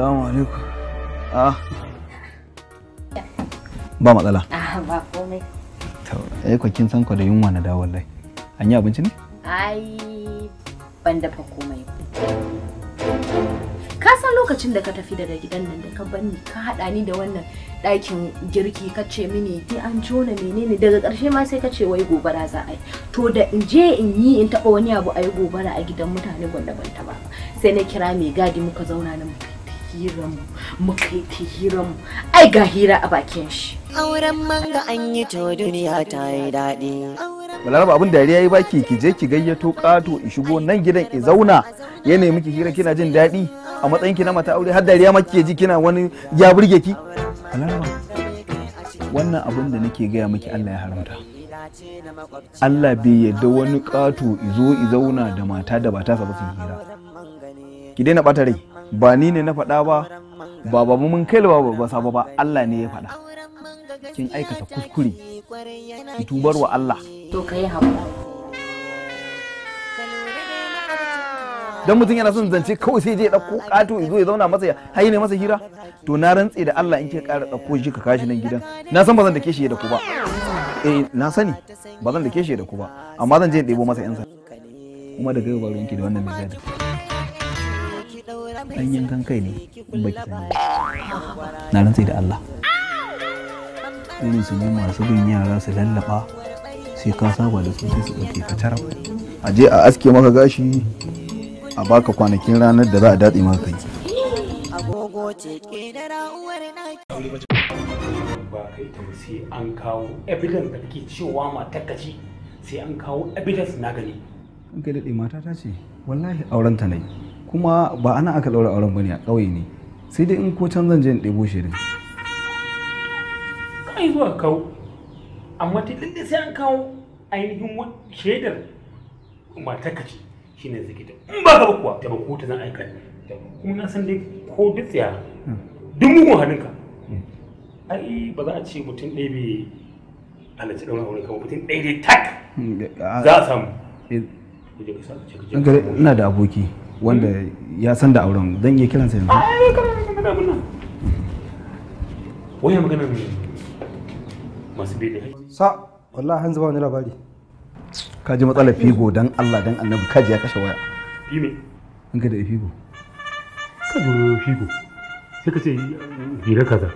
Assalamu alaikum. Ah. Ba matsala. Ah, ba komai. Eh ko kin san ko da yunwa na da wallahi. An yi abinci ne? Ai ban dafa komai. Ka san lokacin da ka tafi daga gidan nan da ka banni ka hada ni da wannan ɗakin girki ka ce mini di an jona menene daga ƙarshe ma sai ka ce wai gobara za a yi to da in je in yi in taɓa wani abu a yi gobara a gidan mutane gwanda ban taɓa sai na kira mai gadi muka zauna na muka hiran muka yi ta hiran ai ga hira a bakin shi auren manga an yi to duniya ta yi daɗi balaraba abin dariya yi baki ki je ki gayyato ƙato in shigo nan gidan ki zauna ya nemi miki hira kina jin daɗi a matsayin ki na mata aure har dariya ma kike ji kina wani ya burge ki balaraba wannan abin da nake gaya miki Allah ya haramta Allah bai yadda wani ƙato izo i zauna da mata da ba ta saba su hira ki daina ɓata rai ba ni ne na faɗa ba ba ba mun kai ba ba saba ba Allah ne ya faɗa kin aikata kuskure ki tubar wa Allah to kai dan mutum yana son zance kawai sai je ya ɗauko kato, ya zo ya zauna masa ya hayi ne masa hira to na rantse da Allah in ke ƙara ɗauko shi ka kashi nan gidan na san ba zan da ke shi da ku ba eh na sani ba zan da ke shi da ku ba amma zan je in ɗebo masa yansa kuma daga yau ba ruwanki da wannan mai gadi dan yankan kai ne baki sani na rantsi da Allah irin su ne masu bin yara su lallaba sai ka saba da su sai su ɗauke ka tarab a je a aske maka gashi a baka kwanakin ranar da za a datse maka kai ke da ra'uwar ba kai ta sai an kawo evidence da kake cewa matar ce sai an kawo evidence na gani An kai daɗe mata ta ce wallahi auren ta na yi kuma ba ana aka ɗaura auren bane a ƙauye ne sai dai in ko can zan je in ɗebo shirin kai zuwa kawo amma ta ɗin sai an kawo ainihin shaidar ta ka shi shine zai gida in ba ka kuwa taba ko ta zan aika kuma na san dai ko duk tsaya hmm. duk mugun ka hmm. ai ba za a ce mutum ɗaya bai halarci ɗaurin aure kawai mutum ɗaya dai tak hmm, za a samu eh, ina da aboki wanda hmm. ya san da auren zan iya kiransa yanzu waya magana masu bele sa wallahi hanzu ba wani labari ka ji matsalar figo dan Allah dan annabi ka ji ya kashe waya fi me an ka da figo ka ji figo sai ka ce hira kaza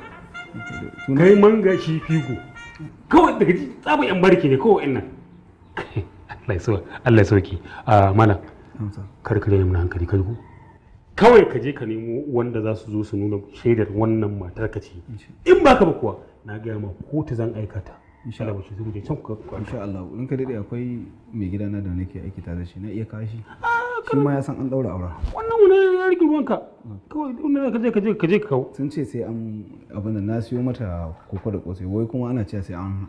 kai manga shi figo kawai daga ji tsaba yan barki ne kawai nan Allah ya sauki Allah ya sauki a ah, malam kar ka rena hankali kai ko kawai ka je ka nemo wanda za su zo su nuna shaidar wannan matar ka ce in ba ka ba kuwa na gaya ma kotu zan aika ta insha Allah bace da can ku insha Allah in ka dade akwai mai gida na da nake aiki tare da shi na iya kashi shi ah, ma ya san an daura aura wannan wani ya rike ruwanka ah. kawai inda ka je ka je ka je ka kawo sun ce sai an abin da na siyo mata koko da kosai wai kuma ana cewa sai an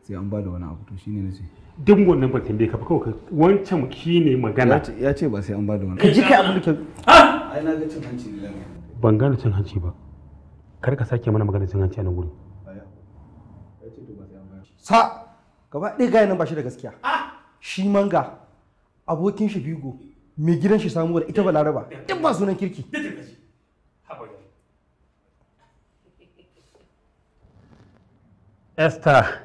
sai an bada wani abu to shine nace duk wannan ban tambaye ka ba kawai wancan ki ne magana ya ce ba sai an ba da wani ka ji kai abin da ke ah! ai na ga cin hanci ne ban gane cin hanci ba kar ka sake mana magana cin hanci a nan gurin sa gaba ɗaya gaya nan ba shi da gaskiya ah! shi manga abokin shi bigo mai gidan shi samu da ita laraba duk ba sunan kirki Esther.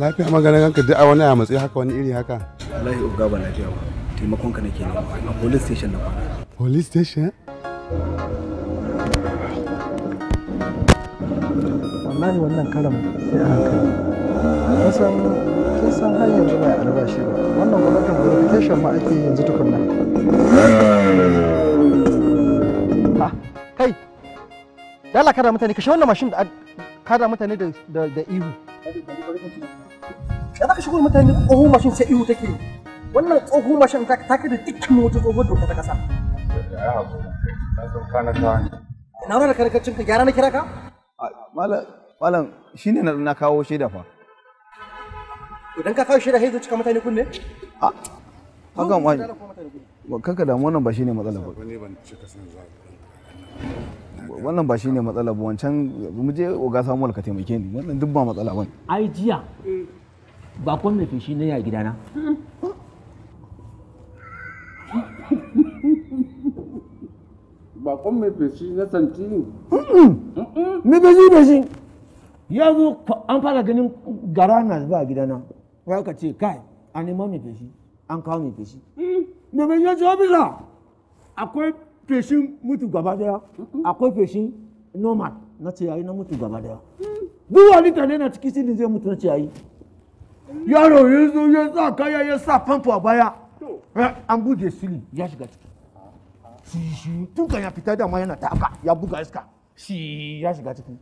lafiya maganin ganka duk a wani a matsayi haka wani iri haka wallahi uga ba lafiya ba taimakon ka nake nema a police station na kwana police station wallahi wannan karam sai hankali san Ka san har yanzu bai albashi ba wannan gwamnatin verification ma ake yanzu tukun nan. Ah, kai dala kada mutane ka shi wannan mashin da kada mutane da da ihu da zaka shigo mutane tsoho mashin sai ihu take wannan tsoho mashin ta take da dukkan wata tsoho doka ta kasa na rana karkacin ka gyara na kira ka malam malam shine na kawo shaida fa idan ka kawo shaida sai zo cika mutane kunne a hakan wani kanka da wannan ba shine matsala ba ne ban cika san zaka wannan ba ne matsala ba wancan mu je oga samuwal ka taimake ni wannan duk ba matsala ba ai jiya ba kon mai fishi ne ya gidana ba kon mai fishi na santi me da shi da shi ya zo an fara ganin gara na ba a gidana ya ka ce kai an nema mai fishi an kawo mai fishi mm. me mai yanci ofisa akwai feshin mutu gaba daya akwai normal na ciyayi na mutu gaba daya duk wani na cikin zai mutu na ciyayi yaro ya zo ya sa kaya ya sa famfo a baya eh, an buge sili ya shiga ciki shi tun kan ya fita dama yana taka ya buga iska shi ya shiga ciki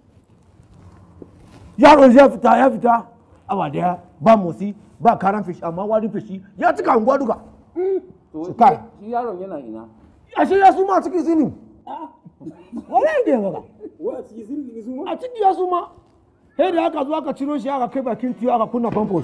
yaro ya fita ya fita awa daya ba motsi ba karan feshi amma wani feshi ya cika unguwa duka. Hmm. Shi yaron yana ina. ashe ya a cikin zinin a cikin ya suma sai da aka zo aka ciro shi aka kai bakin tiyo aka kunna famfo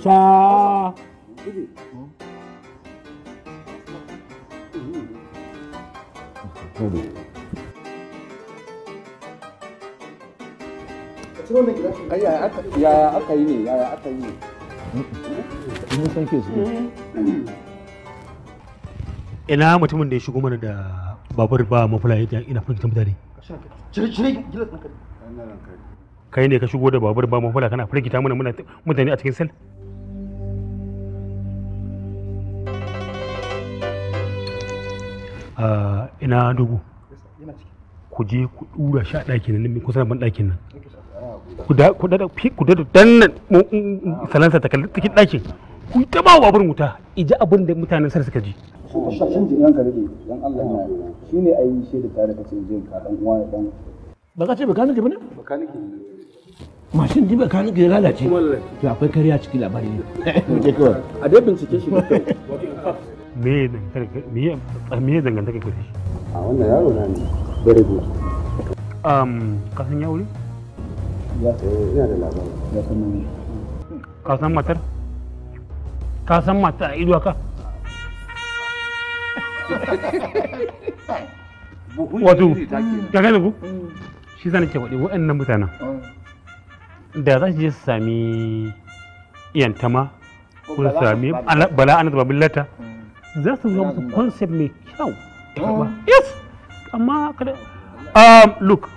ina mutumin da ya shigo mana da babur ba mafula ya ina ta mutane kai ne ka shigo da babur ba mafula kana ta mana mutane a cikin sel ah, ina dubu ku je ku dura sha ɗakin nan kusa ban ɗakin nan ku da ku da nan salansa ta kalli ɗakin ku ta ba babur wuta iji abin da mutanen sar suka ji shashin jinan ka rage dan Allah na shine ayi shi da tare kace jin ka dan uwa dan ba ka ce bakanike bane bakanike mashin din ya lalace to akwai kariya cikin labari ne a dai bincike shi da kyau me me dangantaka shi a wannan yaro na ne very good um ka san ya wuri ya ina da labari ya san ka san matar ka san mata a ido ka wato gagana ku mm. shi zan ke faɗi waɗannan mutanen mm. da za su je su sami iyantama ko su sami bala zaba billata mm. za su ga musu concept mai kyau yes amma kada um look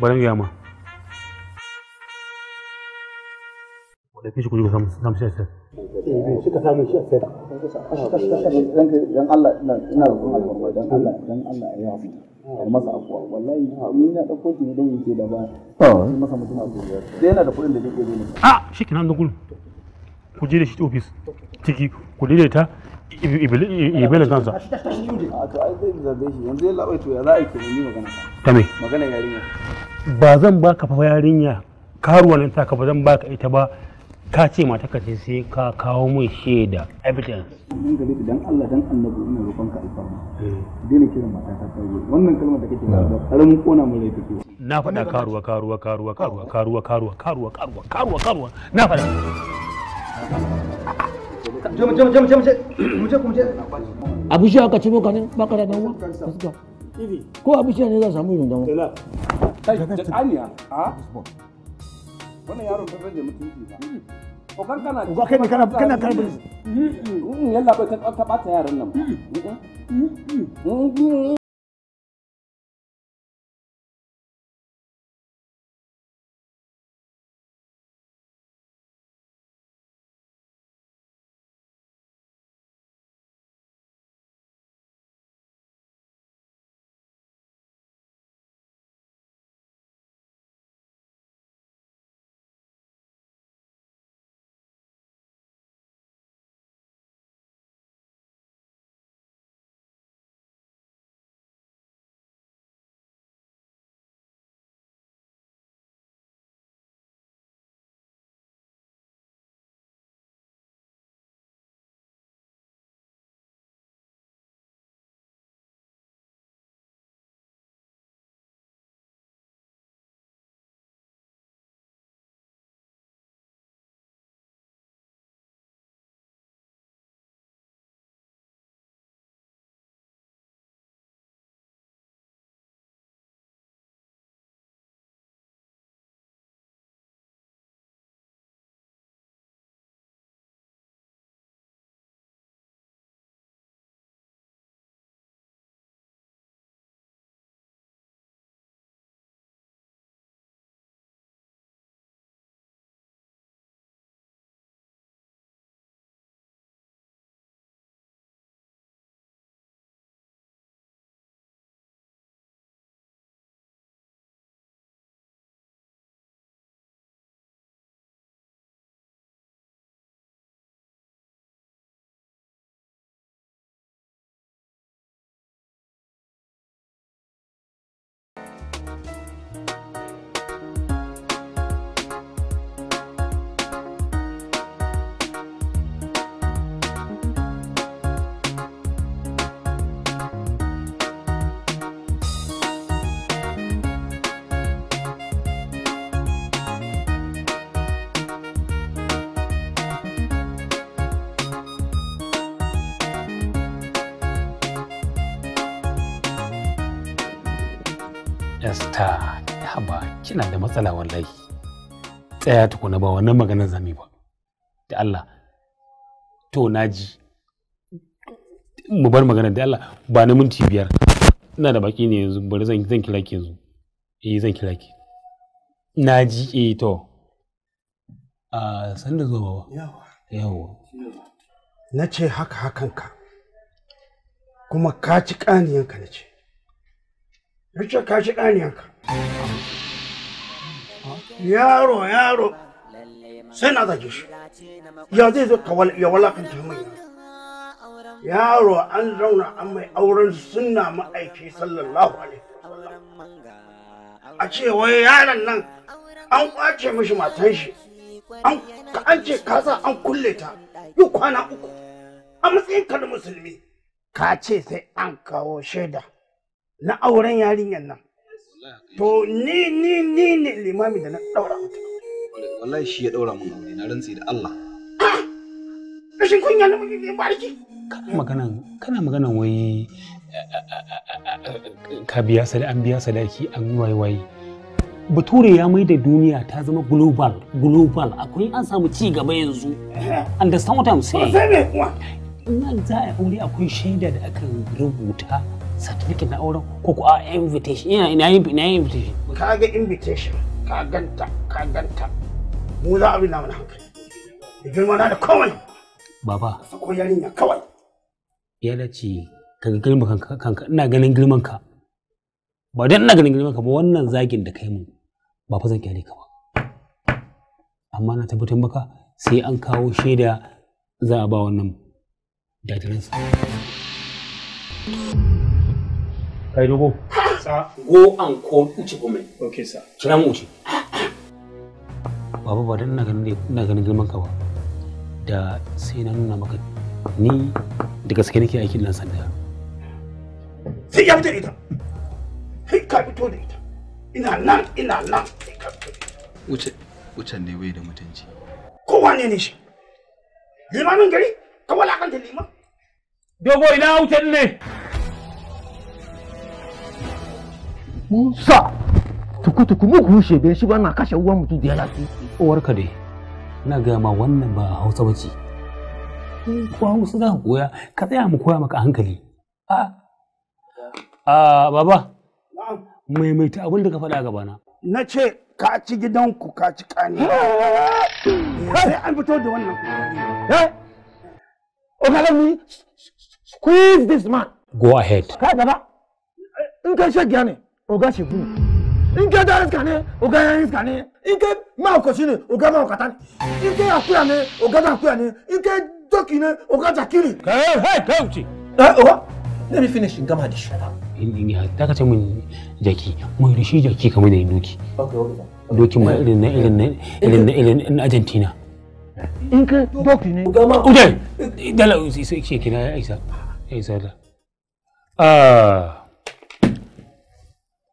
bari ga ma da kishi ku samu samu sai Eh, suka samu shi a sai dan Allah ina roƙon Allah Allah ya masa afuwa wallahi ni na shi ne yake da ba sai masa mutum a sai yana da kuɗin da zai yi shi shikenan da gudu ku je da shi ofis. ciki ku daidaita ibelin kansa a to shi za a yi magana yarinya ba zan baka fa yarinya karuwa nan ta ka ba zan baka ita ba ka ce mata ka sai ka kawo mun shaida evidence in gare dan Allah dan annabi ina roƙon ka alfarma eh. dole kiran mata ta kai wannan kalmar da kake ba karamin ah. kona mu laifi ke na faɗa karuwa karuwa karuwa karuwa karuwa karuwa karuwa karuwa karuwa karuwa na faɗa jom jom jom jom mu je mu je abu shi aka ci kanin ba baka da dawo ko abu shi ne za samu irin dawo kai da aniya a wannan yaro ka zai mutunci ba kokan kana ko kai kana kana karbi in yalla bai ka bata yaran nan ya haba kina da matsala wallahi tsaya tukuna ba wannan maganar zami ba da Allah to naji mu bar magana da Allah ba na minti biyar ina da baki ne yanzu bari zan zan kira ki yanzu eh zan kira ki naji eh to a ah, san da zuwa ba yawa yawa na ce haka hakan ka kuma ka ci kaniyanka na ce na ce ka ci yaro yaro sai na zage shi ya zai zo ya walakanta mai yaro an zauna an mai auren sunna ma'aiki sallallahu alaihi a ce wai yaron nan an kwace mishi matan shi an ce kasa an kulle ta yi kwana uku a matsayin ka da musulmi ka ce sai an kawo shaida na auren yarinyar nan to ni ni ni ne limami da na daura mata wallahi shi ya daura mun aure na rantsi da Allah rashin kunya na muke barki kana magana kana magana wai ka biya sadaki an biya sadaki an wai bature ya mai da duniya ta zama global global akwai an samu ci gaba yanzu eh. understand what i'm saying za a aure akwai shaida da aka rubuta certificate na auren ko ku a invitation ina ina yin ina yin invitation ka ga invitation ka ganta ka ganta mu za a na mana hankali da girma na da kawai baba sako yarinya kawai ya dace ka ga girman kanka kanka ina ganin girman ka ba dan ina ganin girman ka ba wannan zagin da kai mun ba fa zan kyale ka ba amma na tabbatar maka sai an kawo shaida za a ba wannan dadiransa. thank you Kai dogo. Sir. Go and call Uche for me. Okay, sir. Kira mu Uche. ba dan ganin ganin girman ka ba. Da sai na nuna maka ni da gaske nake aikin nan sanda. Sai ya fita ita. Kai ka fito da ita. Ina nan ina nan kai ka ita. ne bai da mutunci. Kowa ne ne shi. Limamin gari ka walakanta liman. Dogo ina wucen ne. musa. tuku-tuku mu kushe bai shi ba na kashe uwan mutum da yalaki. ci uwarka dai na gaya ma wannan ba hausa ba ce ko hausa za ka koya ka tsaya mu koya maka hankali a a baba maimaita abin da ka faɗa gaba na na ce ka ci gidanku ka ci kani sai an fito da wannan eh ogalami squeeze this man go ahead ka gaba in kai shagiya ne oga shegunu nke dariska ne oga yariska ne nke maokoshi ne oga maokata ne nke akuya ne oga akuya ne nke joki ne oga jakiri kai kai kai uchi eh oga let me finish in gama da shi ta kace min jaki mun rishi jaki kamar da doki doki ma irin na irin na irin na irin na Argentina in ka doki ne gama udai dala sai sai kina Aisha Aisha ah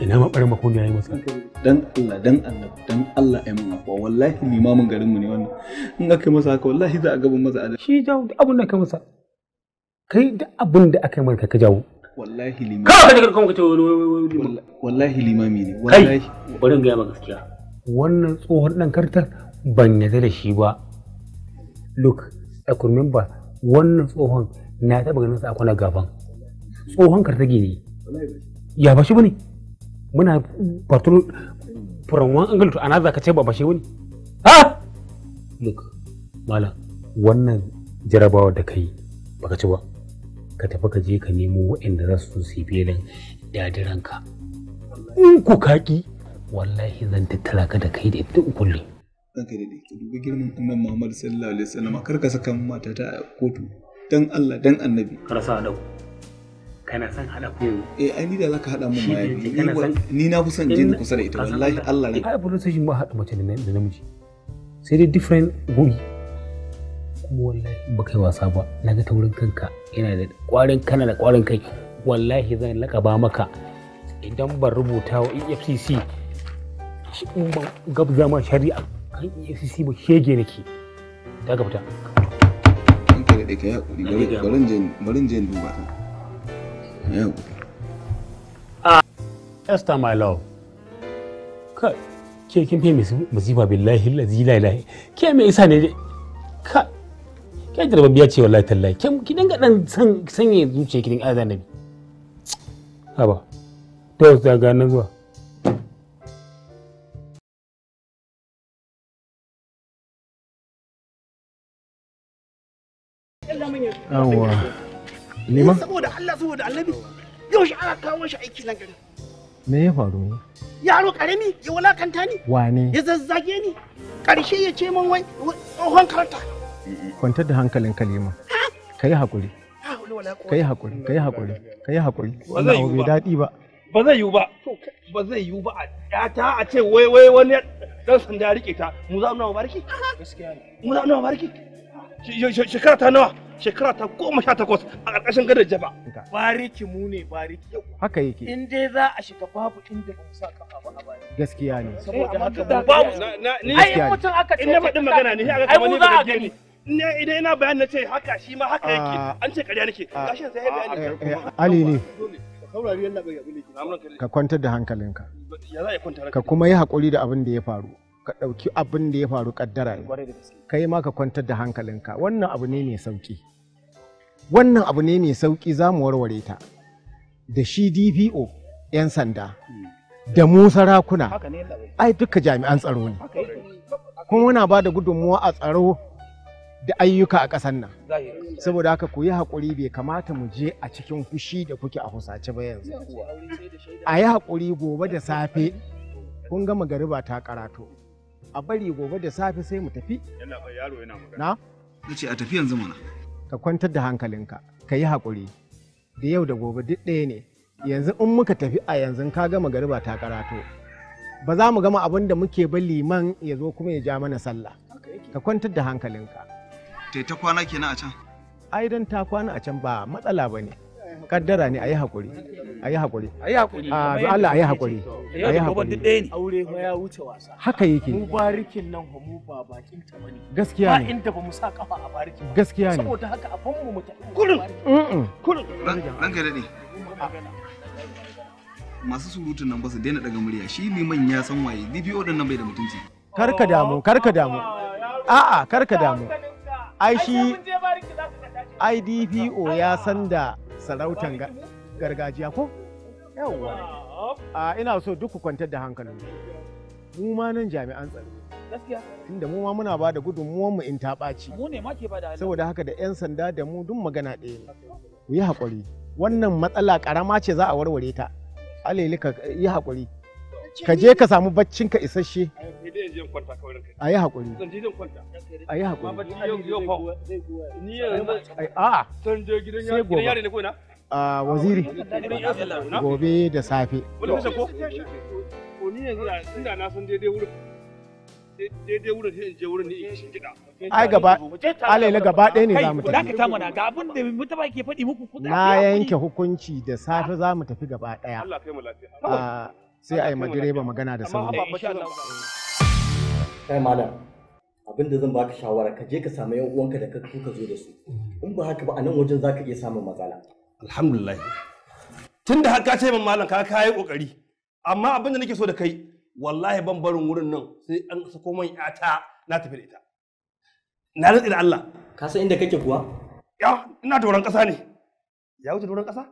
ina ma ɓarin mako ya yi masa dan Allah dan Allah dan Allah ya mun afuwa wallahi limamin garin mu ne wannan in aka yi masa haka wallahi za a gaban masa adal shi jawo duk abin da ka masa kai duk abin da aka yi ka jawo wallahi limami ka ka kuma ka ce wallahi limami ne wallahi bari in ga maka gaskiya wannan tsohon dan kartar ban yarda da shi ba look I could ba wannan tsohon na taba ganin sa a gaban tsohon kartage ne ya ba shi bane muna patrol from one angle to another ka ce ba bashe wani ha muk mala wannan jarabawa da kai baka ci ba ka tafi ka je ka nemo waɗanda za su su filin dadiranka in ku kaki wallahi zan tattara ka da kai da duk dan kai da ka dubi girman annan Muhammad sallallahu alaihi wasallam kar ka saka matata a kotu dan Allah dan annabi kar sa dau kana son haɗa ku eh ai ni da zaka haɗa mun ma ni na fi son je ni kusa da ita wallahi Allah ne ai abin sai ba haɗa mace da namiji sai dai different guri kuma wallahi ba kai wasa ba na ga taurin kanka yana da ƙwarin kana da ƙwarin kai wallahi zan laƙaba maka idan ban rubuta wa EFCC ban gabza ma shari'a kan EFCC ba shege nake daga fita. Kanka da ɗaya ka yi haƙuri, barin jan duba ta. yau ah, esther my love ka ke kin fi musiba billahi lazi la ke me isa ne ka ke da biya ce wallahi tallahi ke ki dinga dan sanye zuciya ki dinga azan nabi haba to ta ga nan zuwa Yawwa. Liman? Saboda Allah saboda Annabi. Yau shi ana kawo shi aiki nan gari. Me ya faru ne? Yaro karami ya wulakanta ni. Wane? Ya zazzage ni. Karshe ya ce min wai tsohon karta. Kwantar da hankalin kalima. Ka yi haƙuri. Ka yi hakuri. ka yi haƙuri, ka bai daɗi ba. Ba zai yiwu ba. Ba zai yiwu ba. Ya ta a ce wai wai wani dan sanda ya rike ta. Mu za mu na barki? Gaskiya ne. Mu za mu na Shekara ta nawa? shekara ta goma sha takwas a ƙarƙashin gadar jaba. Bariki mu ne bariki. Haka yake. In dai za a shiga babu inda ba mu sa kafa ba a Gaskiya ne. Saboda eh, haka babu. Ai in mutum aka ce. In na faɗin magana ne, ai mu za a gani. ne idan ina bayani na ce haka shi ma haka yake ah. an ce ƙarya nake ah. gashin sai ya bayani ah, eh, eh, ali ne ka kwantar da hankalinka ka kuma yi haƙuri da abin da ya faru ka ɗauki abin da ya faru ƙaddara ne kai ma ka kwantar da hankalinka wannan abu ne mai sauki wannan abu ne mai sauƙi za mu warware ta da shi dpo 'yan sanda da mu sarakuna ai duka jami'an tsaro ne kuma muna ba da gudunmuwa a tsaro da ayyuka a ƙasar nan saboda haka ku yi haƙuri bai kamata mu je a cikin fushi da kuke a husace ba yanzu a yi haƙuri gobe da safe kun gama gariba ta karatu a bari gobe da safe sai mu tafi na a tafiyan zamana. ka kwantar da hankalinka ka yi haƙuri da yau da gobe duk ɗaya ne yanzu in muka tafi a yanzu ka gama gariba ta karato ba za mu gama abin da muke ba liman ya zo kuma ya ja mana sallah ka kwantar da hankalinka ta kwana kenan a can ai don ta kwana a can ba matsala ba ne kaddara ne a yi haƙuri a yi haƙuri a yi ah, a Allah a yi haƙuri a yi haƙuri aure ma ya wuce wasa haka yake mu barikin nan ho mu ba bakin ta bane gaskiya ne ba inda ba mu sa kafa a barikin gaskiya ne saboda haka a mu ne masu surutun nan ba su daina daga murya shi liman ya san waye DPO din nan bai da mutunci karka damu karka damu a'a karka damu ai shi IDPO ya san da sarautan gargajiya ko yawwa a ina so duk kwantar da hankalin mu ma nan jami'an tsaro tunda mu ma muna ba da gudunmuwan mu in ta ɓaci saboda haka da 'yan sanda da mu duk magana ɗaya ne ku yi haƙuri wannan matsala ƙarama ce za a warware ta alelika yi hakuri. ka je ka samu baccin ka isasshe a yi haƙuri a yi haƙuri a ah, yi gobe a waziri gobe da safe ai gaba alaila gaba ɗaya ne za mu tafi ga abin da ke faɗi muku na yanke hukunci da safe za mu tafi gaba ɗaya sai a yi ma direba magana da sauri eh, kai malam abin da zan baka shawara ka je ka samu yan uwanka da ka ka zo da su in ba haka ba a nan wajen zaka iya samun matsala alhamdulillah tunda har ka ce min malam ka yi kokari amma abin da nake so da kai wallahi ban barin wurin nan sai an sako man yata na tafi da ita na rantsi da Allah ka san inda kake kuwa ya ina doron kasa ne ya wuce doron kasa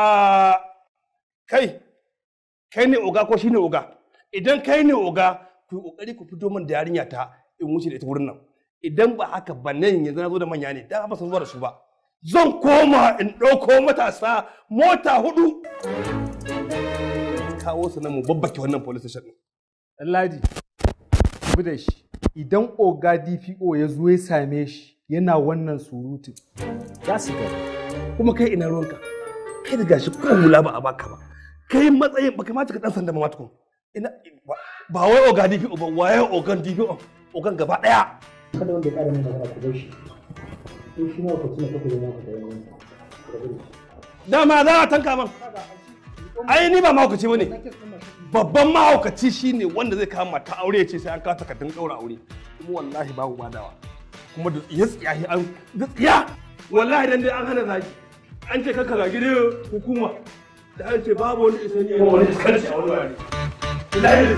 Ah, kai kai ne oga ko shine oga idan kai ne oga ku kokari ku fito min da yarinya ta in wuce da ita wurin nan idan ba haka ba nan yanzu na zo da manya ne da ba san zuwa da su ba zan koma in ɗauko matasa mota hudu kawo su nan mu babbake wannan police station Ladi, bi da shi idan oga DPO ya zo ya same shi yana wannan surutun za su gani kuma kai ina ruwanka kai da gashi ko hula ba a baka ba kai matsayin ba kamata ka dan sanda ma ko ina ba wai oga o ba waye ogan o ogan gaba daya kada wanda ya kare min magana ku bar shi in shi ma ku tuna ku da ku da yawan dama za a tanka man ai ni ba mahaukaci bane babban mahaukaci shine wanda zai kama ta aure ya ce sai an kawo takardun daura aure kuma wallahi babu badawa kuma da ya tsiyahi an tsiya wallahi dan dai an hana zagi an ce kanka zagi ne hukuma da an ce babu wani isani ma wani iskanci a wani wani ilahi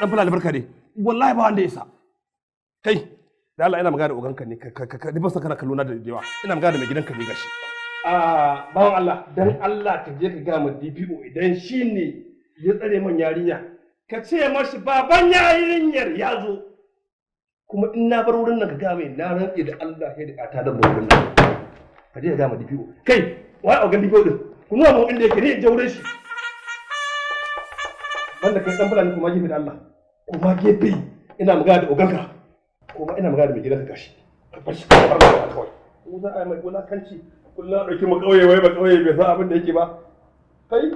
dan fulani barka dai wallahi ba wanda isa kai da Allah ina magana da oganka ne ka ka ni basa kana kallona da yawa ina magana da mai gidanka ne gashi a bawan Allah dan Allah ka je ka ga ma DPO idan shi ne ya tsare man yarinya ka ce mashi baban yarinyar ya zo kuma in na bar wurin nan ka ga mai na rantsi da Allah sai da ta da mu ka je ka ga ma DPO kai wai a gandi din ku nuna mu inda yake ne je wurin shi banda kai dan fulani kuma gefe da Allah kuma gefe ina magana da oganka kuma ina magana da mai gidanka gashi ka bar shi ka bar da kawai ko za a yi mai wulakanci kullum ɗauki mu ƙauye wai ba ƙauye bai san abin da yake ba kai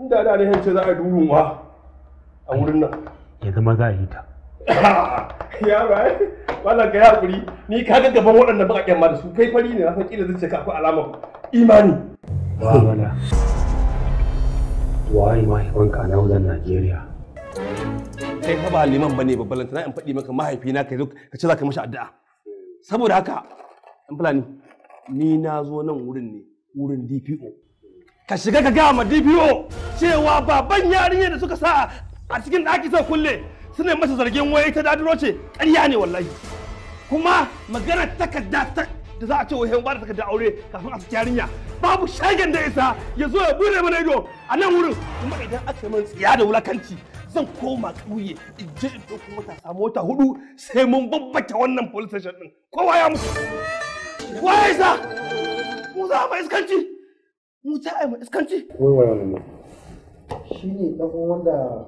inda da ne hance za a yi durun a wurin nan ya zama za a yi ta ya ba wannan ka hakuri ni ka ga gaban waɗannan baƙaƙen ma da su kai fari ne na san kila zai ka akwai alamar imani mu'amala waye mahaifanka na wajen Najeriya kai fa ba liman bane babban lantana in faɗi maka mahaifina kai zo ka ce za ka mashi addu'a saboda haka in fulani ni na zo nan wurin ne wurin DPO ka shiga ka gaya ma DPO cewa baban yarinya da suka sa a cikin ɗaki sai kulle suna masa zargin wai ta daduro ce ƙarya ne wallahi kuma maganar takarda ta da za a ce wahayin bada da aure kafin a saki yarinya babu shagen da isa ya zo ya bude mana ido a nan wurin kuma idan aka min tsiya da wulakanci zan koma ƙauye in je in ɗauko matasa mota hudu sai mun babbace wannan police station din kowa ya mutu kowa ya isa mu za mu iskanci mu za a yi mu iskanci wai wai wai shi ne wanda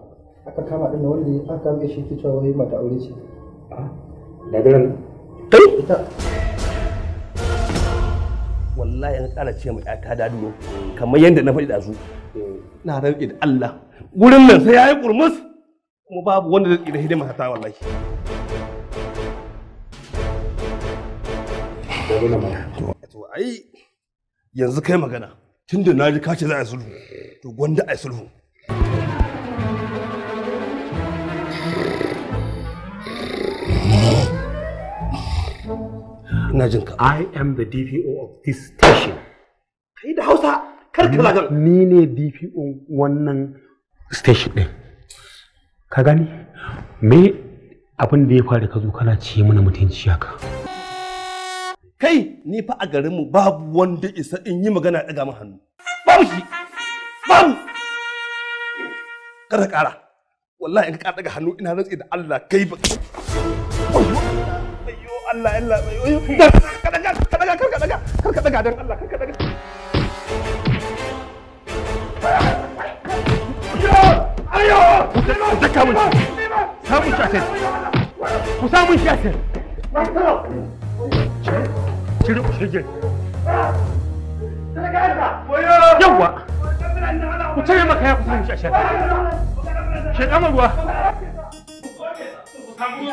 aka kama ɗin wanda aka kama shi fitowa cewa wai mata aure ce da ah, daren kai ita wallahi an kara ce mai ta daduro kamar yadda na faɗi da su na rantsi da Allah gurin nan sai yayi kurmus kuma babu wanda zai tsira hidima ta wallahi ai yanzu kai magana tunda na ji kace za a yi sulhu to gwanda a yi sulhu ina jin ka i am the dpo of this station kai da hausa kar ka lagar. ni ne dpo wannan station din ka gani me abin da ya faru ka zo kana ci mana mutunci haka kai ni fa a garinmu babu wanda isa in yi magana daga mu hannu babu shi babu kada kara wallahi in ka daga hannu ina rantsi da Allah kai ba Allah Allah kar ka daga kar ka daga Allah kar ka daga mun samu shasir ku samu ku shige yawwa ku cire maka ya ku samu shasir shekamar ruwa ku samu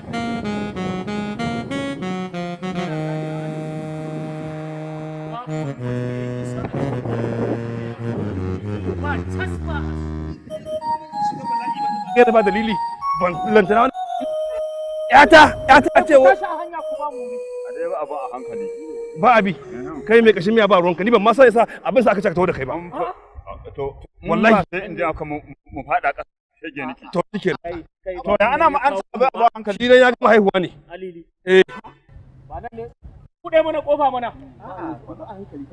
gaira ba dalili ban lantana wani yata yata ce wa abu a hankali ba abi kai mai kashin miya ba ruwanka ni ban masa yasa abin sa aka cakata da kai ba to wallahi sai in ji aka mu fada kasa shege niki to shike to da ana ma an saba abu a hankali shi ya gama haihuwa ne alili eh ba nan ne kuɗe mana kofa mana ba a hankali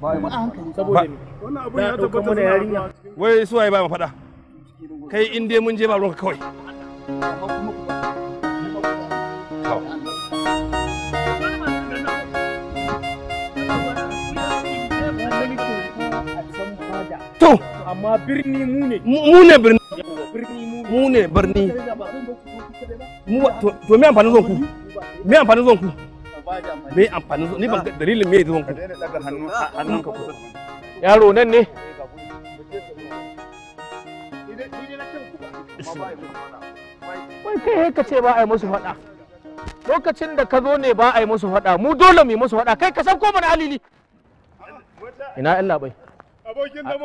ba a hankali saboda ne wannan abun ya tabbata wai suwaye ba mu fada kai in dai mun je ba ruwa kawai to amma birni mu ne mu ne birni mu ne birni mu to me amfanin zonku me amfanin zonku me amfanin zonku ni ban dalilin me zonku yaro nan ne su wai kai ka ce ba a yi musu faɗa lokacin da ka zo ne ba a yi musu faɗa mu dole mu yi musu faɗa kai ka san ko mana alili ina yan labai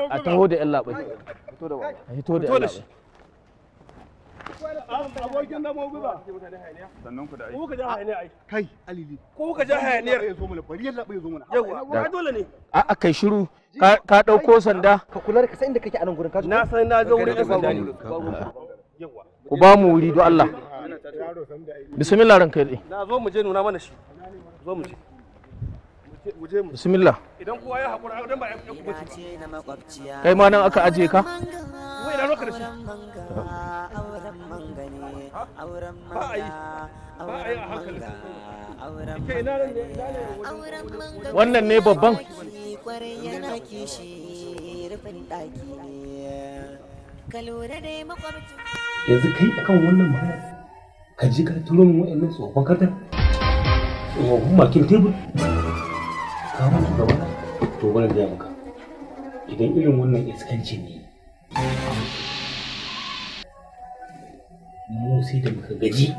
a taho da yan labai a hito da yan labai abokin da moguza sannan ku da ai kuka ja hayaniya ai kai alili ko kuka ja hayaniyar ya zo mana bari ya labe ya zo mana yawa dole ne a a kai shiru ka dauko sanda ka kula da kasa san inda kake a nan gurin ka na san na zo wurin sanda ne ku ba mu wuri don Allah bismillah ranka yadda bismillah idan kowa ya haƙura idan ba ya kai ma nan aka aje ka wannan ne babban yanzu kai akan wannan magana ka ji ka turo min nan tsofaffin karta tsofaffin makin tebur ka mun su gaba to bana gaya maka idan irin wannan iskanci ne mu sai da muka gaji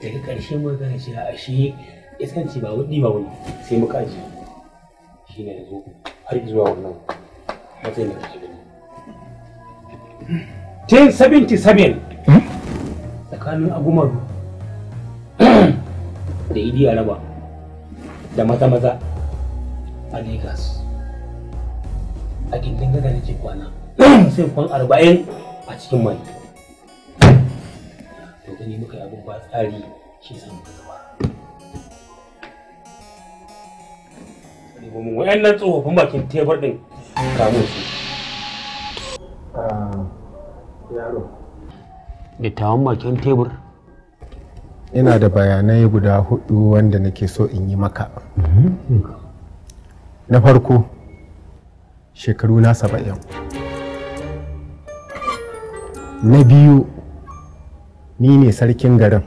daga ƙarshe mu gane cewa ashe iskanci ba wadi ba wani sai muka aji shine yanzu har zuwa wannan matsayin da ka shiga 1977 hmm? tsakanin agumaru da idi araba da maza-maza a lagos a gindin gada nake kwana sai kwan arba'in a cikin mai to gani muka yi abin tsari shi san muka wayannan tsofaffin bakin tebur din kamun su ah. yaro bakin tebur ina da bayanai guda hudu wanda nake so in yi maka na farko shekaru na saba'in na biyu ni ne sarkin garin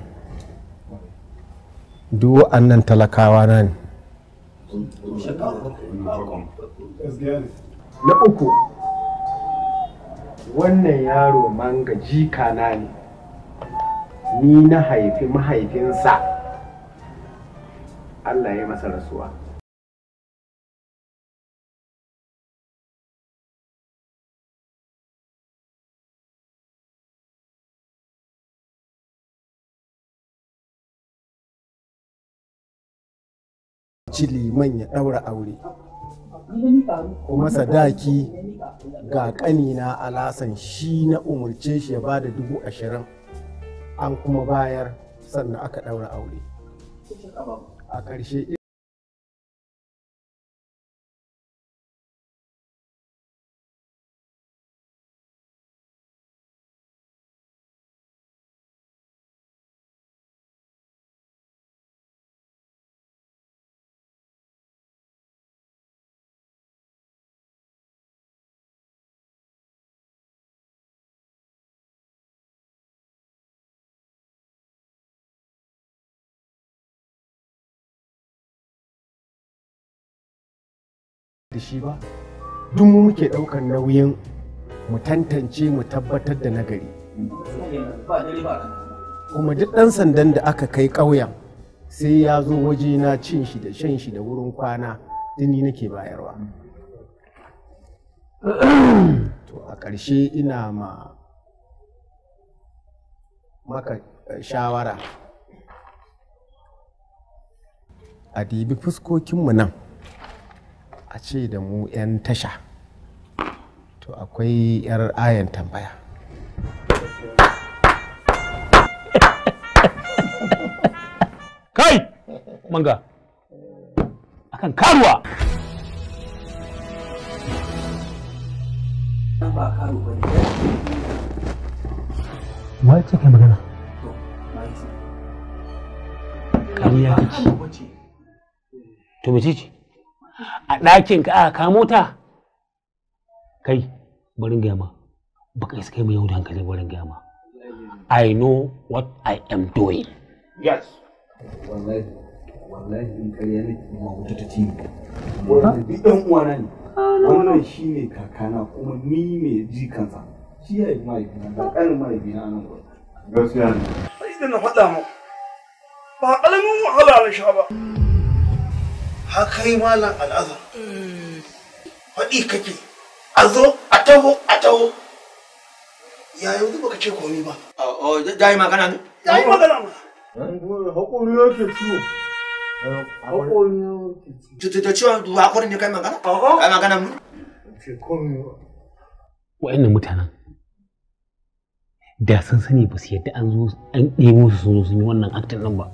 duk wa'annan talakawa na ne na uku wannan yaro manga jikana ne ni na haifi mahaifinsa Allah ya masa rasuwa liman ya ɗaura aure. kuma sadaki ga ƙanina alasan shi na umurce shi ya ba da dubu ashirin an kuma bayar sannan aka ɗaura aure a ƙarshe shi ba duk mu muke ɗaukar nauyin mu tantance mu tabbatar da nagari kuma duk ɗan sandan da aka kai ƙauyen sai ya zo waje na cin shi da shan shi da wurin kwana dini nake bayarwa to a ƙarshe ina ma maka eh, shawara a dibi fuskokinmu nan a ce da mu 'yan tasha to akwai 'yar ayan tambaya kai manga akan karuwa ba karu ba ne wa ce kai magana karuwa ce to mece ce a ɗakin ka aka kamo ta kai barin gama kai yau da hankali barin gama i know what i am doing yes wallahi wallahi ne ma mutu ta ci wannan ne kakana kuma ni ne jikansa shi ya yi mahaifina da ƙarin mahaifina nan gaskiya ne sai da na faɗa mu ba a wahala na sha ba ha kai malam al'azar faɗi kake a zo a taho a taho ya yanzu baka ce komi ba o oh, oh, da yi magana ne ke magana ma hakuri yake ciwo eh, hakuri yake ciwo da ciwon hakuri ne kai magana kai magana mu ce komi ba wa'annan mutanen da sun sani ba su yadda an zo an ɗebo su sun yi wannan aktin nan ba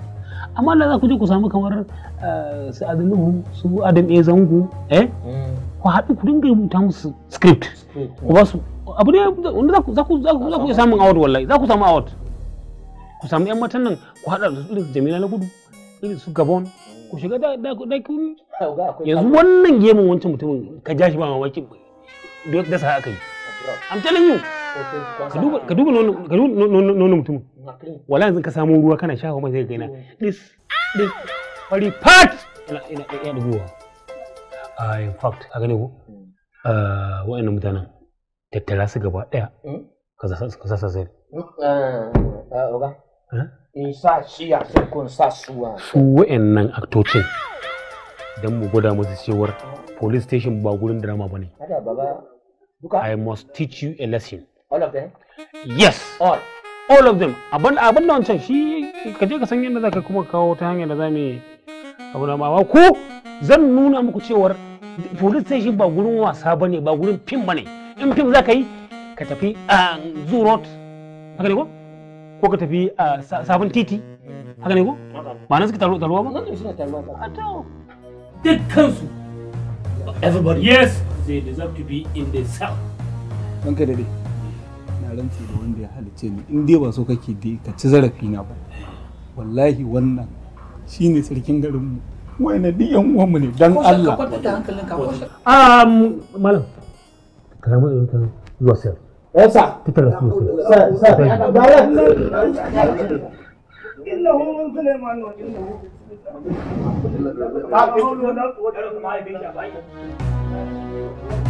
amma da za ku je ku samu kamar eh, su adamu su adam e zango eh hmm. ku haɗu ku dinga rubuta musu script ku ba su abu ne wanda za ku za ku za ku samu award wallahi za ku samu award ku samu yan matan nan ku haɗa da su irin Jamila na gudu irin su Gabon ku shiga da da da ku yanzu wannan game wancan mutumin ka ja shi ba mamaki da sa aka yi I'm telling you ka duba nonon mutum wala yanzu ka samu ruwa kana shafa mai zai gaina dis dis fari pat ina ina dubuwa a ah, in fact a gane ko hmm. ah, wa'annan mutanen tattara su gaba daya hmm? ka sa sa sai hmm? eh, eh, eh? in sa shi ya sai kun sa suwa su wa'annan aktocin dan mu gwada musu cewar police station ba gurin drama bane I must teach you a lesson. all of them yes all all of them abin abin da wancan shi ka je ka san yadda zaka kuma kawo ta hanyar da za mu abu na mawa ko zan nuna muku cewar police station ba gurin wasa bane ba gurin fim bane in fim zaka yi ka tafi a zoo road haka ne ko ko ka tafi a sabon titi haka ne ko ba nan suka da taruwa ba a to dukkansu everybody yes they deserve to be in the cell don ka dade na da wanda ya halice ni in dai ba so kake dai ka ci zarafi na ba wallahi wannan shine sarkin garin mu wayna di yan uwan mu ne dan Allah a malam karamu irin kan zuwa sai Esa, fitar da su sai sai Thank you.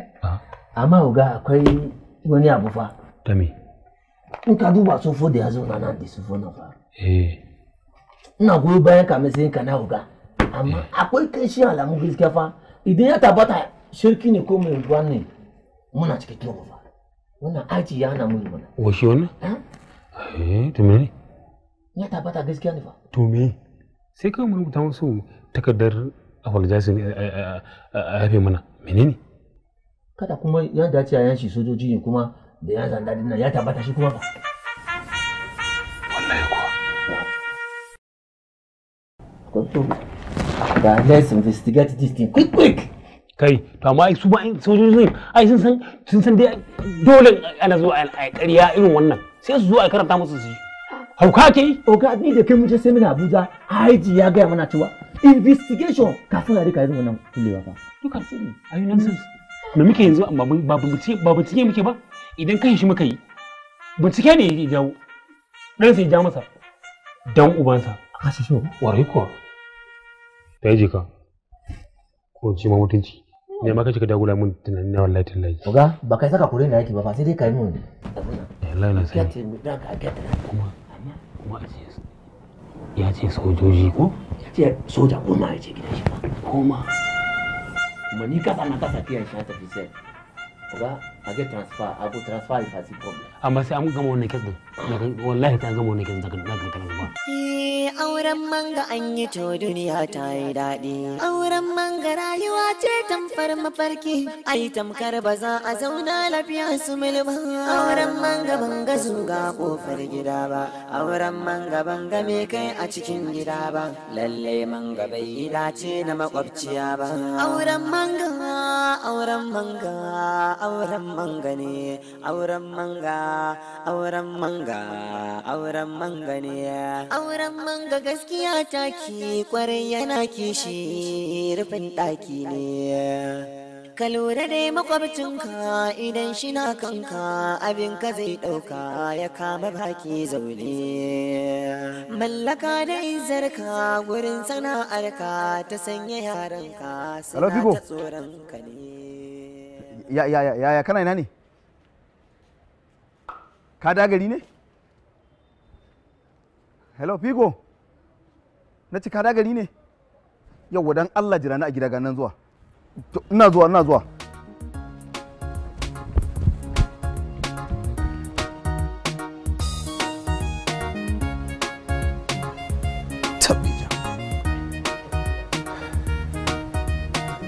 amma uga akwai wani abu fa ta me in ka duba sofo da ya na nan da sofo na fa eh ina goyi bayan ka mai sai ka na uga amma akwai kai shi alamun gaskiya fa idan ya tabbata shirki ne ko mai ruwan ne muna cikin turbo fa wannan aji ya hana mu mana shi wannan eh to me ya tabbata gaskiya ne fa to me sai kawai mun rubuta musu takardar apologizing a yafe mana menene kada kuma ya dace a yanci sojoji ne kuma da ya zanda dinnan ya tabbata shi kuma ba Kwato, da let's investigate this thing quick quick. Kai, to amma su ba sojojin ai sun san sun san dai dole ana zuwa a ƙarya irin wannan sai su zo a karanta musu su hauka ke yi? Oga ni da kai muje sai muna Abuja haiji ya gaya mana cewa investigation kafin a rika yin wannan kullewa fa. Dukan sai ne, are you nonsense? me muke yanzu amma ba bincike muke ba idan kai shi muka yi bincike ne ya jawo dan sai ja masa dan ubansa a shi shi warai ko ta yi jika ko ci ma mutunci ne ma kace ka dagula mun tunanin na wallahi tallahi ga ba kai saka kure na yake ba fa sai dai kai mun wallahi na sai kuma kuma a ce ya ce sojoji ko ya ce soja koma ya ce gidan shi ba koma mɔni kasa na kasa tɛ yan siɲɛ tɛ fisɛ o ka a ga transfer abu transfer is hasi problem amma sai an gama wannan kes din wallahi ta gama wannan kes da kan daga kan ba eh auren manga an yi to duniya ta yi dadi auren manga rayuwa ce tamfar mafarki ai tamkar ba za a zauna lafiya su mulba auren manga banga zuga kofar gida ba auren manga banga me kai a cikin gida ba lalle manga bai yi dace na makwabciya ba auren manga auren manga auren manga ne auren manga auren manga auren manga ne auren manga gaskiya taki kwarai yana kishi rufin ɗaki ne ka lura dai makwabcinka idan shi na kanka abin ka zai ɗauka ya kama baki zaune mallaka da izarka gurin sana'arka ta sanya yaranka suna ta tsoron ka ne ya ya ya ya kana ina ne ka dagari ne hello figo na ci ka dagari ne yau dan Allah jira na a gida ganin zuwa ina zuwa ina zuwa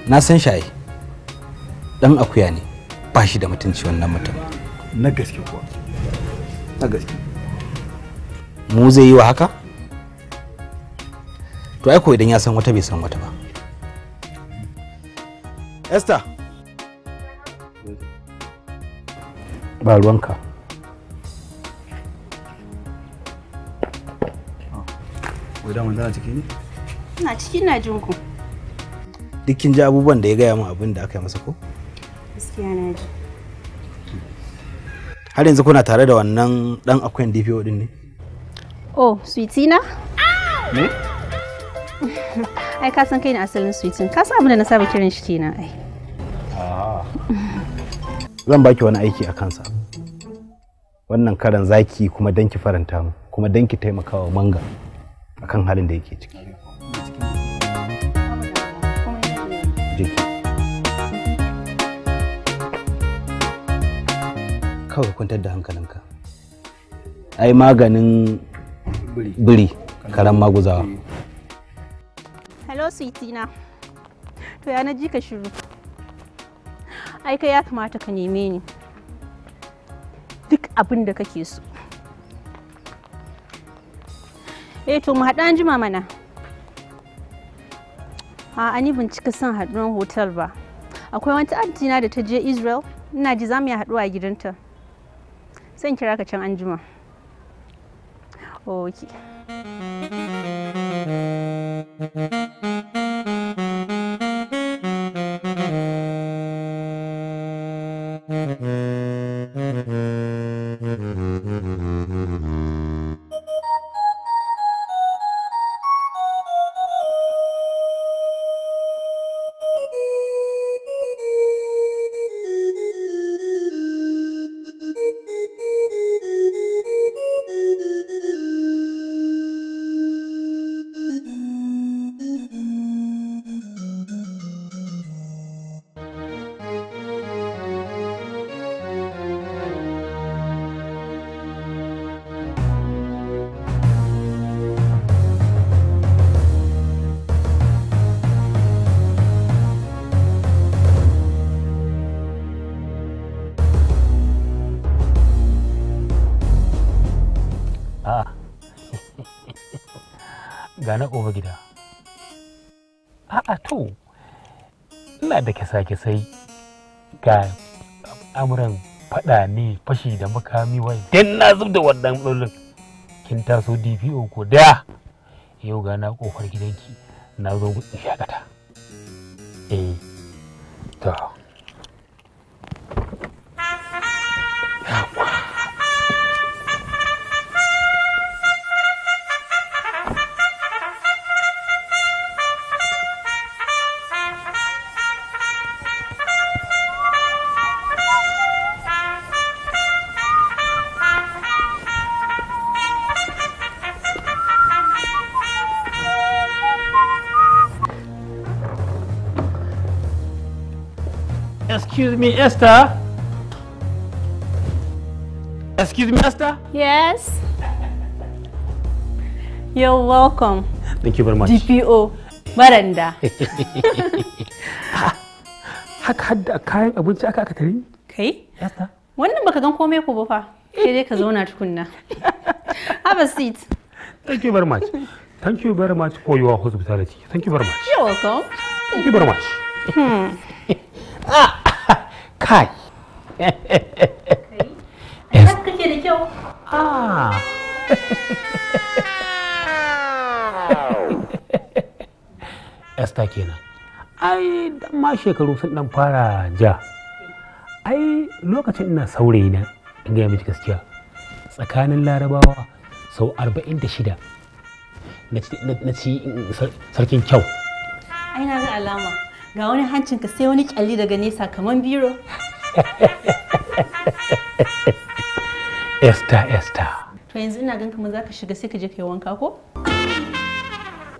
na san shaye dan akuya ne ba shi da mutunci wannan mutum na gaske kuwa na gaske mu zai yi wa haka to ai ko idan ya san wata bai san wata ba esther ba ruwanka guda manzana ciki ne? Ina ciki na ku. ji abubuwan da ya gaya min abin da aka yi masa ko? har yanzu kuna tare da wannan dan akwai DPO din ne oh sweetina ne ai ka san kai ne asalin sweetin ka san da na saba kiran shi kenan ai zan baki wani aiki a kansa wannan karan zaki kuma dan ki faranta mu kuma danki ki taimakawa manga akan halin da yake ciki jiki kawai kwantar da hankalinka ai maganin biri karan maguzawa hello sweetina to ya na ji ka shiru ai kai ya kamata ka neme ni duk abin da kake so eh to mu haɗa jima mana a ni ban cika son haɗuwar hotel ba akwai wata antina da ta je israel ina ji za mu yi haɗuwa a gidanta zan kira ka can anjima okay Ƙofa gida a'a to ina da kisa-kisai ga amuran faɗa ne fashi da makami wai dan na zub da wannan ɗolin kin taso dpo ko da yau ga na ƙofar gidanki na zo in Excuse me, Esther. Excuse me, Esther. Yes. You're welcome. Thank you very much. DPO Baranda. Haka hadda kayan abinci aka aka tare? Kai? Esther. Wannan baka gan komai ko fa. Sai dai ka zauna tukunna. Have a seat. Thank you very much. Thank you very much for your hospitality. Thank you very much. You're welcome. Thank you very much. Hmm. ah. kai kake da kyau esta kenan ai dan ma shekaru sun dan fara ja ai lokacin ina saurayi na in gaya miki gaskiya tsakanin larabawa sau 46 na ci mm, sarkin kyau ai na ga alama ga wani hancinka sai wani kyalli daga nesa kamar biro esta esta to yanzu ina gan mu zaka shiga sai ka je kai wanka ko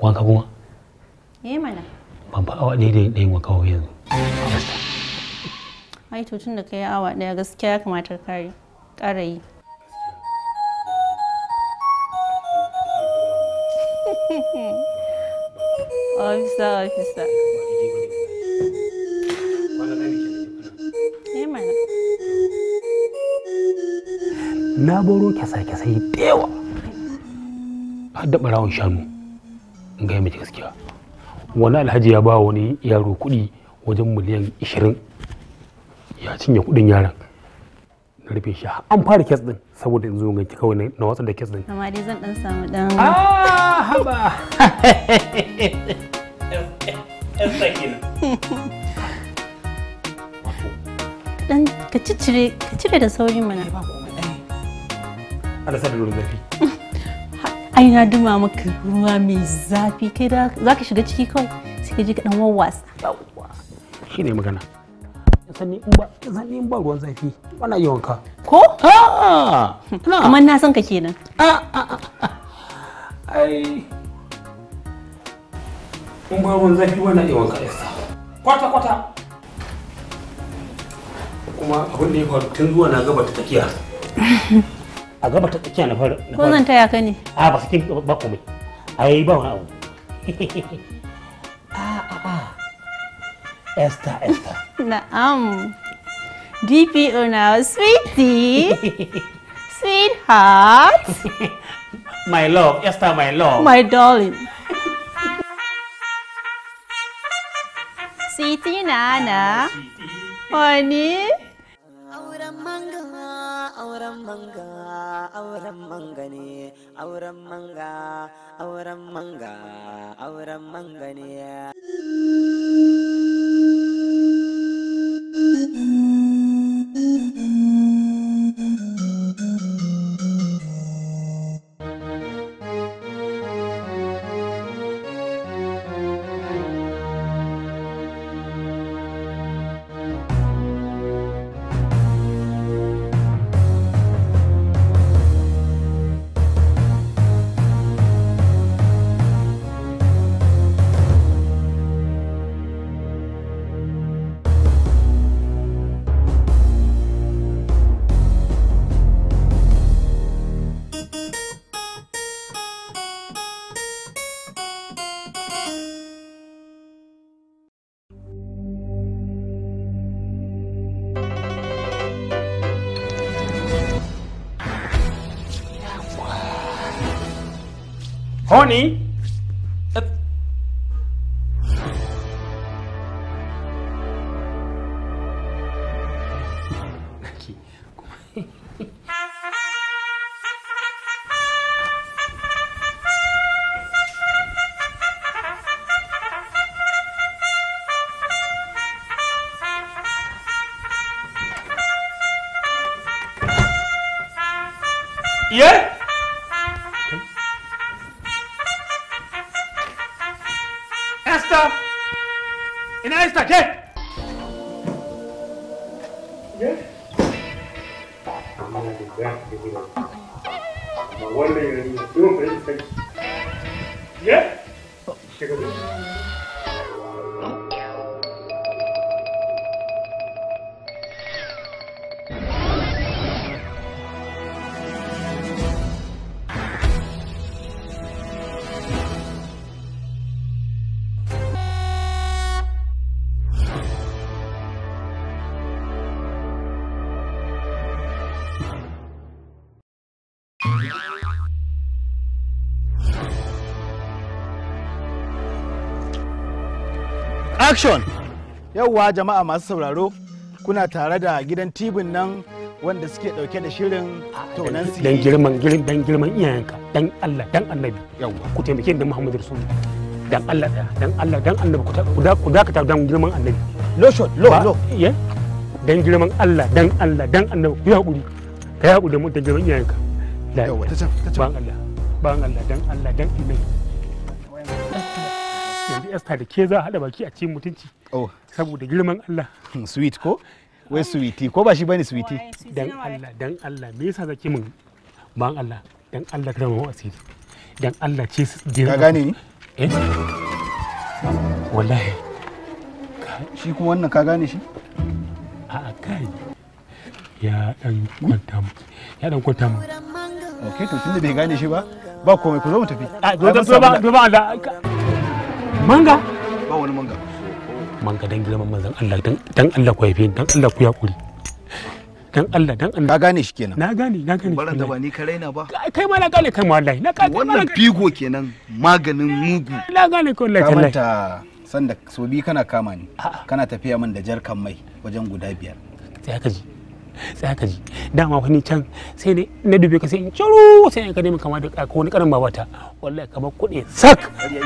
wanka kuma eh mana ban ba awa ɗaya da yin wanka ko yanzu ai to tun da kai awa ɗaya gaskiya ya kamata kare ƙara yi Ofisda Na baro kyasa-kyasai da yawa. Har da barawon shanu. In ga miki gaskiya. Wani alhaji ya ba wani yaro kudi wajen miliyan ishirin. Ya cinye kudin yaran na rufe shi an fara kes din saboda in zo ganki kawai na watsa da kes din amma dai zan dan samu dan ah! ka cire da sauri mana ba ala zafi na duma maka ruwa mai zafi kai da zaka shiga ciki kawai sai ka ji ka dan wawwasa shine magana sanni in ba sanni in ba ruwan zafi yi wanka ko Ah! na na san ka kenan Ah ah a ai kun ba ruwan zafi wannan yawan ka yasa kwata kwata kuma abin da ya faru tun zuwa na gaba ta tsakiya a gaba ta tsakiya na faru ko zan taya ka ne a ba sakin ba komai ai ba wani abu a a a Esther Esther na'am DPO now sweetie sweetheart My love, yes, my love. My darling. Siti Nana. Ani. Auren manga, manga, manga manga, manga, manga Mm-hmm. Mwenye zake bila mawale yaliyotumba hivi. Yeah. Shikamoo. action yauwa jama'a masu sauraro kuna tare da gidan tibin nan wanda suke dauke da shirin tonan su dan girman girin dan girman iyayenka dan Allah dan annabi yauwa ku taimake ni da Muhammadu Rasulullah dan Allah dan Allah dan annabi ku da ku da ka dan girman annabi lo shot lo lo ye dan girman Allah dan Allah dan annabi ku hakuri kai hakuri da mutan girman iyayenka yauwa ta ta ban Allah ban Allah dan Allah dan annabi esther da ke za a haɗa baki a cikin mutunci oh. saboda girman allah sweet ko wai sweetie ko ba shi bane sweetie dan allah dan allah me yasa zaki min ban allah dan allah kada mu asiri dan allah ce ka gane ni eh wallahi shi kuma wannan ka gane shi a kai ya dan kwanta mu ya dan kwanta mu okay to tunda bai gane shi ba ba komai ku zo mu tafi a ah, zo ba zo ba Allah manga ba wani manga manga dan girman manzan Allah dan dan Allah ku yafe dan Allah ku yakuri dan Allah dan Allah ka gane shi kenan na gane na gane baran da ba ni ka ba kai ma na gane kai ma wallahi na ka wannan figo kenan maganin mugu na gane ko wallahi ka manta sanda so bi kana kama ni kana tafiya min da jarkan mai wajen guda biyar sai ka ji sai ji dama wani can sai ne na dubi ka sai in ciro sai in ka nemi kama da ko wani karin babata wallahi kamar kuɗi sak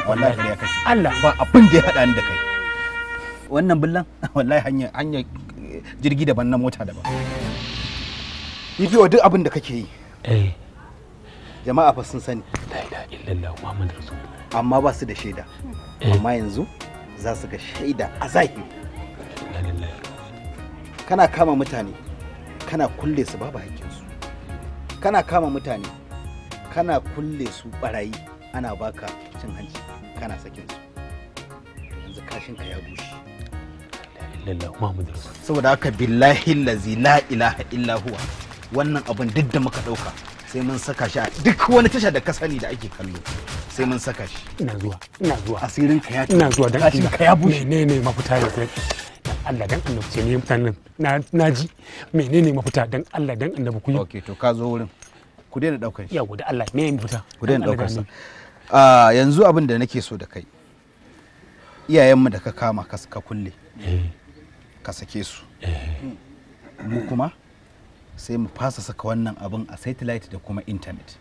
wallahi ya kace Allah ba abin da ya hada ni da kai wannan billan wallahi hanya hanya eh, jirgi daban na mota daban yi biyo duk abin da kake yi eh jama'a fa sun sani la ilaha illallah muhammadu rasulullah amma ba su da shaida eh. amma yanzu za su ga shaida a zahiri kana kama mutane kana kulle su babu su kana kama mutane kana kulle su barayi ana baka cin hanci kana sakin su yanzu kashin ka ya bushe saboda haka billahi lazi la ilaha illa huwa wannan abin duk da muka dauka sai mun saka shi a duk wani tasha da ka sani da ake kallo sai mun saka shi ina zuwa ina zuwa asirin ka ya ina zuwa dan kashin ka ya bushe ne ne mafuta ne Allah dan annabi ce ne mutanen na naji menene mafita dan Allah dan annabi ku yi okay to ka zo wurin ku daina daukar shi yawa da Allah me mafita ku daina daukar sa a ah, yanzu abin da nake so da kai iyayenmu da ka kama ka ka kulle eh. ka sake su eh. hmm. mu kuma sai mu fasa saka wannan abin a satellite da kuma internet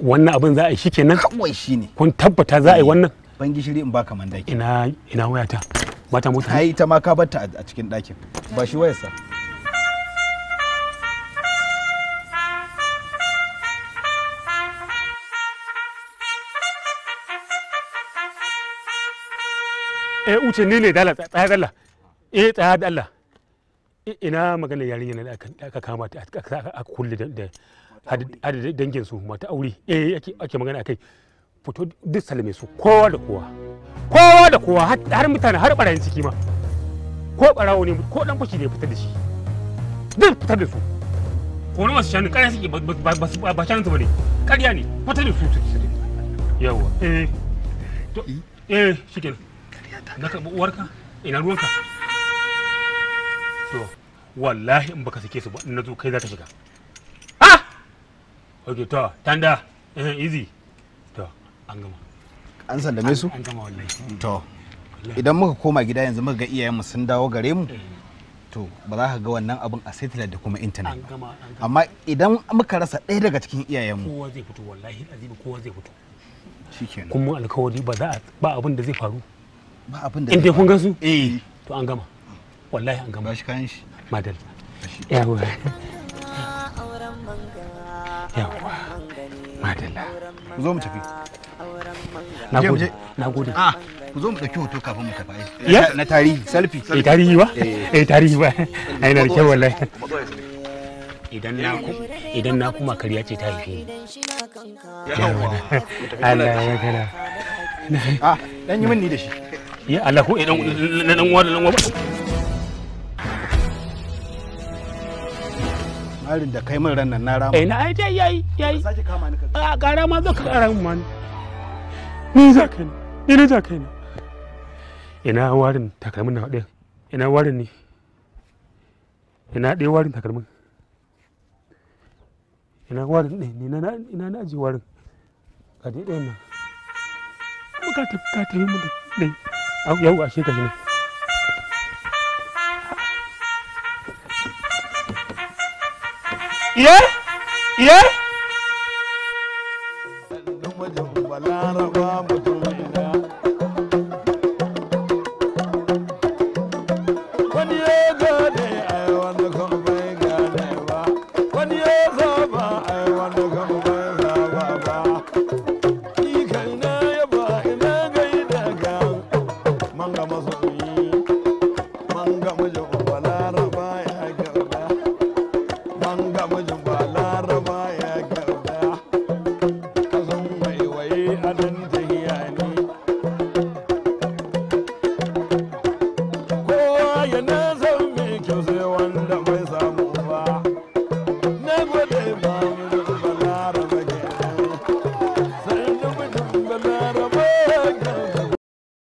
wannan abin za a yi shi kenan kawai shine kun tabbata za a yi eh. wannan ban gishiri in baka mandaki ina ina wayata bata mota ai ta ma ka batta a cikin ɗakin ba shi wayarsa eh uce ni ne dala tsaya dala eh tsaya dala ina magana yarinya da aka kama ta aka kulle da hada dangin su mata aure eh ake magana akai fito duk salme su kowa da kowa kowa da kowa har mutane har barayin ciki ma ko barawo ne ko dan fashi ne fitar da shi duk fitar da su ko na masu shanu ƙarya suke ba su ba shanu su bane ƙarya ne fitar da su su yawa eh to eh shikenan na karɓi uwarka ina ruwanka to wallahi in baka sake su ba na zo kai za ka shiga ha ok to tanda eh, easy to an gama an sallame su to idan muka koma gida yanzu muka ga iyayenmu sun dawo gare mu eh. to ba za ka ga wannan abin a satellite da kuma internet amma idan muka rasa ɗaya daga cikin iyayenmu kowa zai fito wallahi azibi kowa zai fito shikenan kuma alkawari ba za ba abin da zai faru ba abin da inda kun ga su eh to an gama wallahi an gama ba shi kayan shi madal yawa yawa madalla ku zo mu tafi na gode na gode ah ku zo mu dauki hoto kafin mu tafi ya na tarihi selfie eh tarihi ba eh tarihi ba ai na rike wallahi idan na ku idan na kuma kariya ce ta haife Allah ya kana ah dan yi min ni da shi ya Allah ko idan na dan wa da dan wa harin da kai min ran nan na rama eh na ai dai yayi yayi a zaka za ka ni ne ina warin takalmin na ɗaya ina warin ne ina ɗaya warin ne ina na aji warin Ka dai nan yi mu da ɗaya yau a shekashi ne ye ye